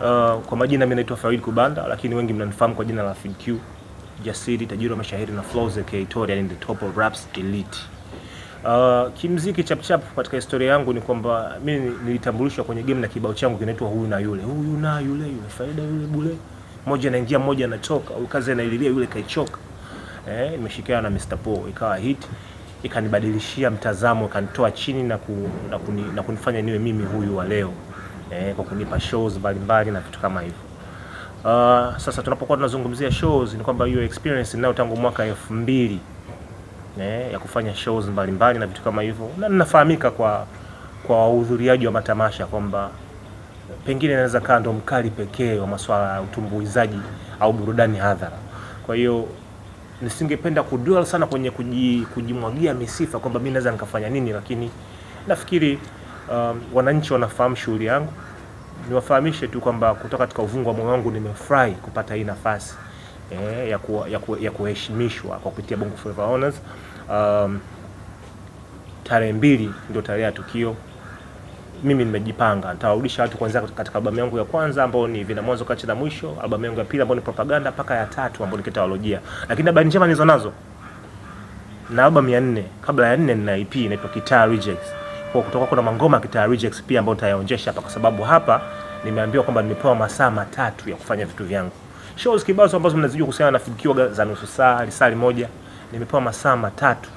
Uh, kwa majina mimi naitwa Farid Kubanda, lakini wengi mnanifahamu kwa jina la Farid Q, jasiri tajiri wa mashahiri na flows aka Tori, yani the top of raps elite. Uh, kimziki chap chap katika historia yangu ni kwamba mimi nilitambulishwa kwenye game na kibao changu kinaitwa huyu na yule, huyu na yule, yule faida yule bule, mmoja anaingia mmoja anatoka, au kazi anaililia yule kaichoka. Eh, nimeshikana na Mr. Paul ikawa hit ikanibadilishia mtazamo, ikanitoa chini na, ku, na, kuni, na kunifanya niwe mimi huyu wa leo eh, kwa kunipa shows mbalimbali na vitu kama hivyo. Uh, sasa tunapokuwa tunazungumzia shows ni kwamba hiyo experience ninayo tangu mwaka elfu mbili eh, ya kufanya shows mbalimbali na vitu kama hivyo, na ninafahamika kwa kwa wahudhuriaji wa matamasha kwamba pengine naweza kaa ndo mkali pekee wa masuala ya utumbuizaji au burudani hadhara. Kwa hiyo nisingependa kudual sana kwenye kujimwagia misifa kwamba mimi naweza nikafanya nini, lakini nafikiri um, wananchi wanafahamu shughuli yangu. Niwafahamishe tu kwamba kutoka katika uvungu wa moyo wangu nimefurahi kupata hii nafasi eh, ya, ku, ya, ku, ya kuheshimishwa kwa kupitia Bongo Flava Honors. Um, tarehe mbili ndio tarehe ya tukio. Mimi nimejipanga nitawarudisha watu kwanza katika albamu yangu ya kwanza ambayo ni vina mwanzo kati na mwisho, albamu yangu ya pili ambayo ni propaganda, mpaka ya tatu ambayo ni kitawalojia. Lakini habari njema nilizo nazo na albamu ya nne, kabla ya nne nina EP inaitwa Kitaa Rejects kwa kutoka kuna mangoma ya kitaa rejects pia ambayo nitayaonjesha hapa, kwa sababu hapa nimeambiwa kwamba nimepewa masaa matatu ya kufanya vitu vyangu. Shows kibao ambazo mnazijua kuhusiana na fikio za nusu saa lisali moja, nimepewa masaa matatu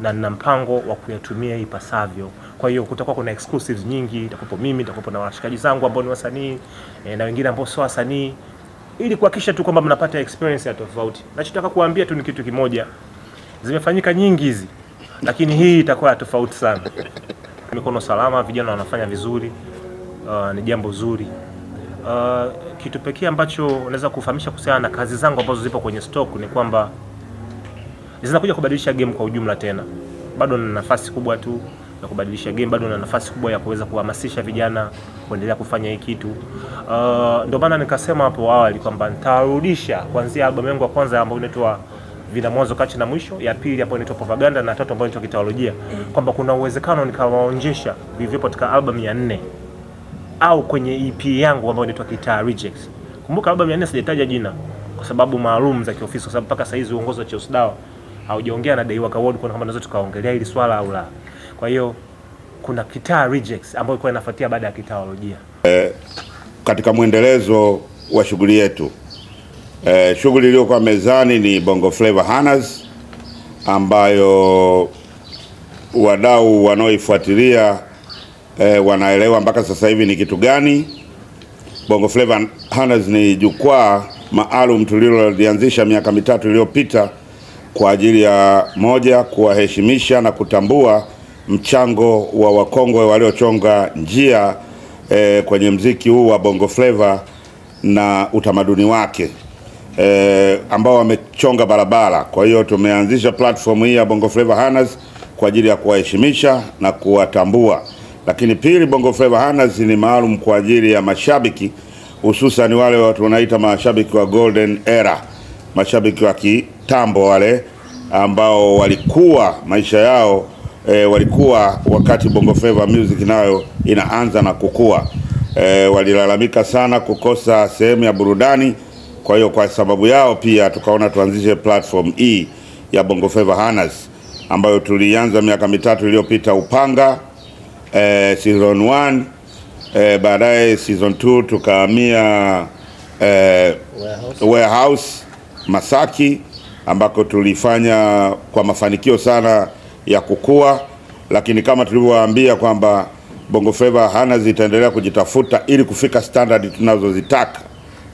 na nina mpango wa kuyatumia ipasavyo. Kwa hiyo kutakuwa kuna exclusives nyingi, nitakupo mimi, nitakupo na washikaji zangu ambao ni wasanii e, na wengine ambao sio wasanii, ili kuhakikisha tu kwamba mnapata experience ya tofauti. Nachotaka kuambia tu ni kitu kimoja, zimefanyika nyingi hizi lakini hii itakuwa tofauti sana. Mikono salama, vijana wanafanya vizuri, uh, ni jambo zuri. Uh, kitu pekee ambacho unaweza kufahamisha kuhusiana na kazi zangu ambazo zipo kwenye stock ni kwamba zinakuja kubadilisha game kwa ujumla tena. Bado na nafasi kubwa tu ya kubadilisha game, bado na nafasi kubwa ya kuweza kuhamasisha vijana kuendelea kufanya hii kitu. Uh, ndio maana nikasema hapo awali kwamba nitarudisha kuanzia albamu yangu ya kwanza ambayo inaitwa vina mwanzo kati na mwisho, ya pili hapo inaitwa propaganda na tatu ambayo inaitwa kiteolojia, kwamba kuna uwezekano nikawaonjesha vilivyopo katika album ya nne au kwenye EP yangu ambayo inaitwa Guitar Rejects. Kumbuka album ya nne sijataja jina kwa sababu maalum za kiofisi, kwa sababu mpaka sasa hizi uongozi wa Cheusdawa haujaongea na Daiwaka Award kuna kama nazo tukaongelea hili swala au la. Kwa hiyo kuna Guitar Rejects ambayo ilikuwa inafuatia baada ya kiteolojia. Eh, katika mwendelezo wa shughuli yetu Eh, shughuli iliyokuwa mezani ni Bongo Flava Hanas ambayo wadau wanaoifuatilia eh, wanaelewa mpaka sasa hivi ni kitu gani. Bongo Flava Hanas ni jukwaa maalum tulilolianzisha miaka mitatu iliyopita kwa ajili ya moja, kuwaheshimisha na kutambua mchango wa wakongwe waliochonga njia eh, kwenye mziki huu wa Bongo Flava na utamaduni wake eh, ambao wamechonga barabara. Kwa hiyo tumeanzisha platform hii ya Bongo Flava Hannahs kwa ajili ya kuwaheshimisha na kuwatambua, lakini pili, Bongo Flava Hannahs ni maalum kwa ajili ya mashabiki hususan wale watu wanaita mashabiki wa golden era, mashabiki wa kitambo wale ambao walikuwa maisha yao e, walikuwa wakati Bongo Flava music nayo inaanza na kukua. E, walilalamika sana kukosa sehemu ya burudani. Kwa hiyo kwa sababu yao pia tukaona tuanzishe platform e ya Bongo Flava Hanas ambayo tulianza miaka mitatu iliyopita Upanga eh, season 1 eh, baadaye season 2 tukahamia eh, warehouse, warehouse Masaki ambako tulifanya kwa mafanikio sana ya kukua, lakini kama tulivyowaambia kwamba Bongo Flava Hanas itaendelea kujitafuta ili kufika standard tunazozitaka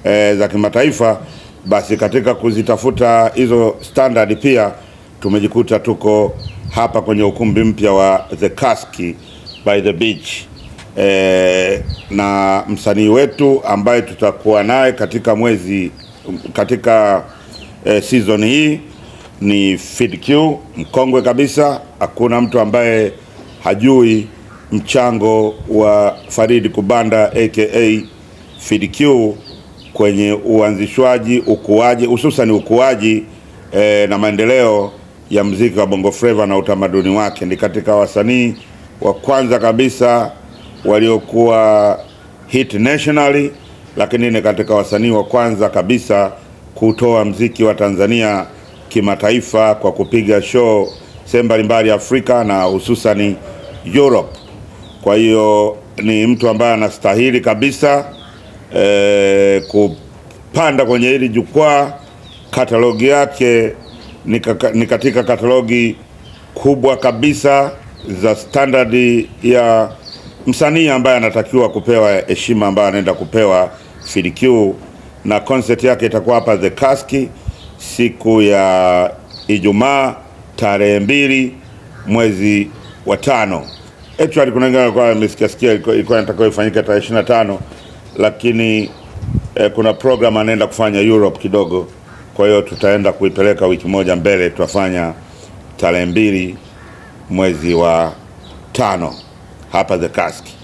e, za kimataifa, basi katika kuzitafuta hizo standard pia tumejikuta tuko hapa kwenye ukumbi mpya wa The Kaski by the Beach e, na msanii wetu ambaye tutakuwa naye katika mwezi katika e, season hii ni Fid Q, mkongwe kabisa. Hakuna mtu ambaye hajui mchango wa Farid Kubanda aka Fid Q kwenye uanzishwaji, ukuaji, hususan ukuaji e, na maendeleo ya mziki wa Bongo Flava na utamaduni wake. Ni katika wasanii wa kwanza kabisa waliokuwa hit nationally, lakini ni katika wasanii wa kwanza kabisa kutoa mziki wa Tanzania kimataifa kwa kupiga show sehemu mbalimbali Afrika na hususani Europe. Kwa hiyo ni mtu ambaye anastahili kabisa eh, kupanda kwenye hili jukwaa. Katalogi yake ni ni katika katalogi kubwa kabisa za standardi ya msanii ambaye anatakiwa kupewa heshima ambayo anaenda kupewa FIDQ, na concert yake itakuwa hapa The Cask siku ya Ijumaa tarehe mbili mwezi wa tano. Actually kuna wengine walikuwa wamesikia sikia ilikuwa inatakiwa ifanyike tarehe 25 lakini eh, kuna program anaenda kufanya Europe kidogo, kwa hiyo tutaenda kuipeleka wiki moja mbele, tutafanya tarehe mbili mwezi wa tano hapa the Cask.